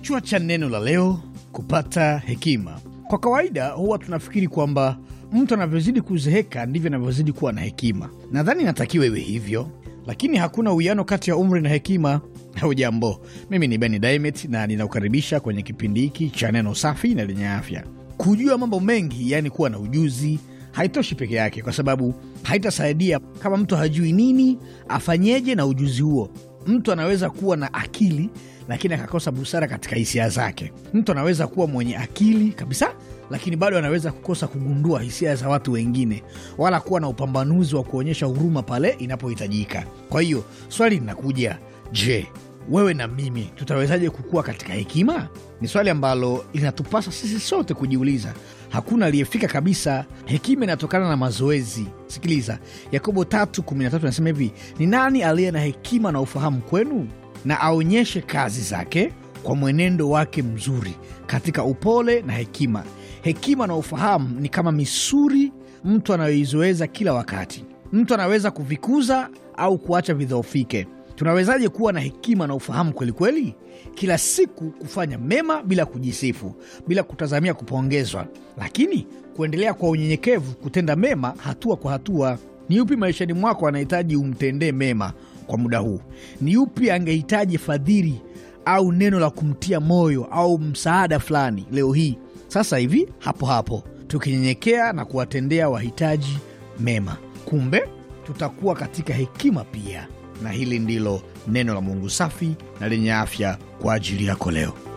Kichwa cha neno la leo: kupata hekima. Kwa kawaida huwa tunafikiri kwamba mtu anavyozidi kuzeeka ndivyo anavyozidi kuwa na hekima. Nadhani inatakiwa iwe hivyo, lakini hakuna uwiano kati ya umri na hekima. Hujambo, mimi ni Ben Dimet na ninakukaribisha kwenye kipindi hiki cha neno safi na lenye afya. Kujua mambo mengi, yaani kuwa na ujuzi, haitoshi peke yake, kwa sababu haitasaidia kama mtu hajui nini afanyeje na ujuzi huo. Mtu anaweza kuwa na akili lakini akakosa busara katika hisia zake. Mtu anaweza kuwa mwenye akili kabisa, lakini bado anaweza kukosa kugundua hisia za watu wengine wala kuwa na upambanuzi wa kuonyesha huruma pale inapohitajika. Kwa hiyo swali linakuja, je, wewe na mimi tutawezaje kukua katika hekima? Ni swali ambalo linatupasa sisi sote kujiuliza. Hakuna aliyefika kabisa. Hekima inatokana na mazoezi. Sikiliza Yakobo 3:13 anasema hivi, ni nani aliye na hekima na ufahamu kwenu? na aonyeshe kazi zake kwa mwenendo wake mzuri katika upole na hekima. Hekima na ufahamu ni kama misuri mtu anayoizoeza kila wakati. Mtu anaweza kuvikuza au kuacha vidhoofike. Tunawezaje kuwa na hekima na ufahamu kwelikweli kweli? Kila siku kufanya mema bila kujisifu, bila kutazamia kupongezwa, lakini kuendelea kwa unyenyekevu, kutenda mema hatua kwa hatua. Ni upi maishani mwako anahitaji umtendee mema? kwa muda huu. Ni yupi angehitaji fadhili au neno la kumtia moyo au msaada fulani leo hii, sasa hivi, hapo hapo, tukinyenyekea na kuwatendea wahitaji mema? Kumbe tutakuwa katika hekima pia. Na hili ndilo neno la Mungu safi na lenye afya kwa ajili yako leo.